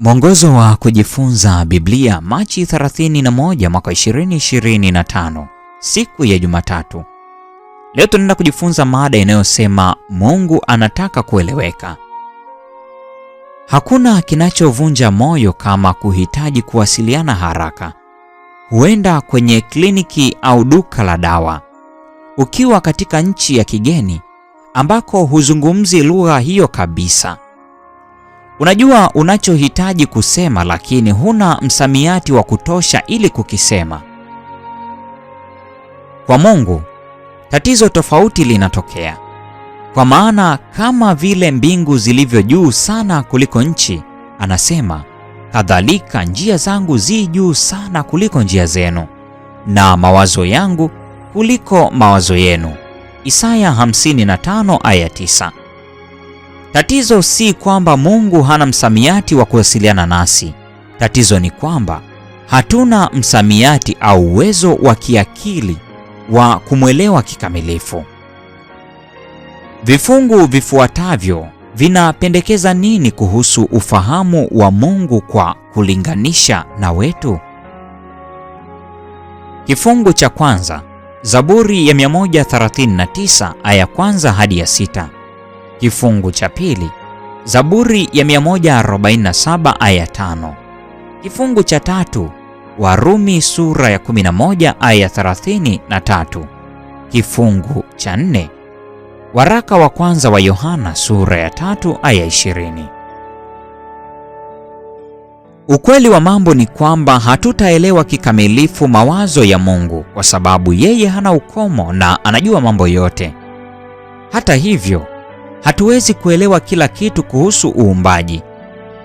Mwongozo wa kujifunza Biblia Machi 31 mwaka 2025, siku ya Jumatatu. Leo tunaenda kujifunza mada inayosema Mungu anataka kueleweka. Hakuna kinachovunja moyo kama kuhitaji kuwasiliana haraka. Huenda kwenye kliniki au duka la dawa. Ukiwa katika nchi ya kigeni ambako huzungumzi lugha hiyo kabisa Unajua unachohitaji kusema lakini huna msamiati wa kutosha ili kukisema. Kwa Mungu, tatizo tofauti linatokea. Kwa maana kama vile mbingu zilivyo juu sana kuliko nchi, anasema, kadhalika njia zangu zi juu sana kuliko njia zenu na mawazo yangu kuliko mawazo yenu. Isaya 55 aya 9. Tatizo si kwamba Mungu hana msamiati wa kuwasiliana nasi. Tatizo ni kwamba hatuna msamiati au uwezo wa kiakili wa kumwelewa kikamilifu. Vifungu vifuatavyo vinapendekeza nini kuhusu ufahamu wa Mungu kwa kulinganisha na wetu? Kifungu cha kwanza, Zaburi ya 139 aya kwanza hadi ya sita kifungu cha pili Zaburi ya 147 aya tano. kifungu cha tatu Warumi sura ya 11 aya tatu. kifungu cha nne waraka wa kwanza wa Yohana sura ya tatu aya 20. Ukweli wa mambo ni kwamba hatutaelewa kikamilifu mawazo ya Mungu kwa sababu yeye hana ukomo na anajua mambo yote. Hata hivyo Hatuwezi kuelewa kila kitu kuhusu uumbaji.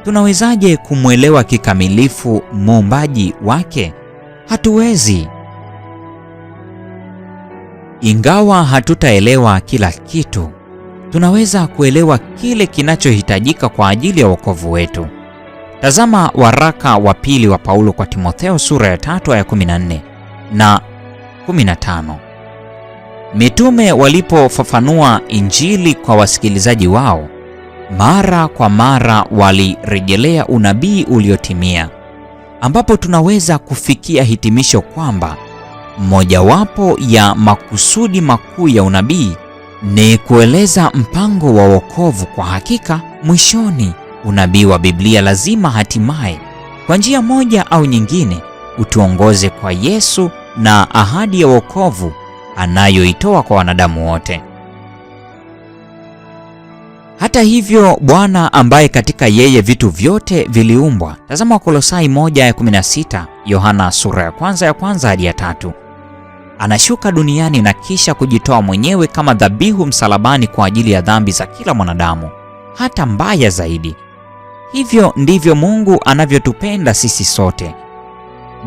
Tunawezaje kumwelewa kikamilifu muumbaji wake? Hatuwezi. Ingawa hatutaelewa kila kitu, tunaweza kuelewa kile kinachohitajika kwa ajili ya wokovu wetu. Tazama waraka wa pili wa Paulo kwa Timotheo sura ya 3 aya 14 na 15. Mitume walipofafanua Injili kwa wasikilizaji wao, mara kwa mara walirejelea unabii uliotimia, ambapo tunaweza kufikia hitimisho kwamba mojawapo ya makusudi makuu ya unabii ni kueleza mpango wa wokovu. Kwa hakika, mwishoni, unabii wa Biblia lazima hatimaye, kwa njia moja au nyingine, utuongoze kwa Yesu na ahadi ya wokovu anayoitoa kwa wanadamu wote. Hata hivyo Bwana ambaye katika yeye vitu vyote viliumbwa, tazama Wakolosai moja ya 16, Yohana sura ya kwanza ya kwanza hadi ya tatu, anashuka duniani na kisha kujitoa mwenyewe kama dhabihu msalabani kwa ajili ya dhambi za kila mwanadamu, hata mbaya zaidi. Hivyo ndivyo Mungu anavyotupenda sisi sote.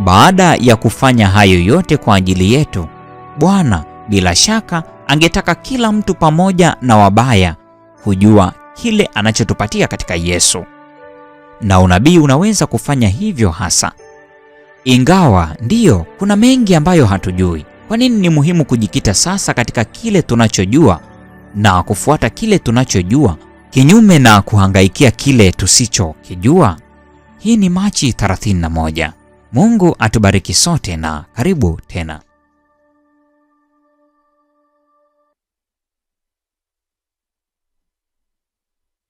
Baada ya kufanya hayo yote kwa ajili yetu, Bwana bila shaka angetaka kila mtu pamoja na wabaya kujua kile anachotupatia katika Yesu, na unabii unaweza kufanya hivyo hasa. Ingawa ndiyo kuna mengi ambayo hatujui, kwa nini ni muhimu kujikita sasa katika kile tunachojua na kufuata kile tunachojua kinyume na kuhangaikia kile tusichokijua? Hii ni Machi 31. Mungu atubariki sote na karibu tena.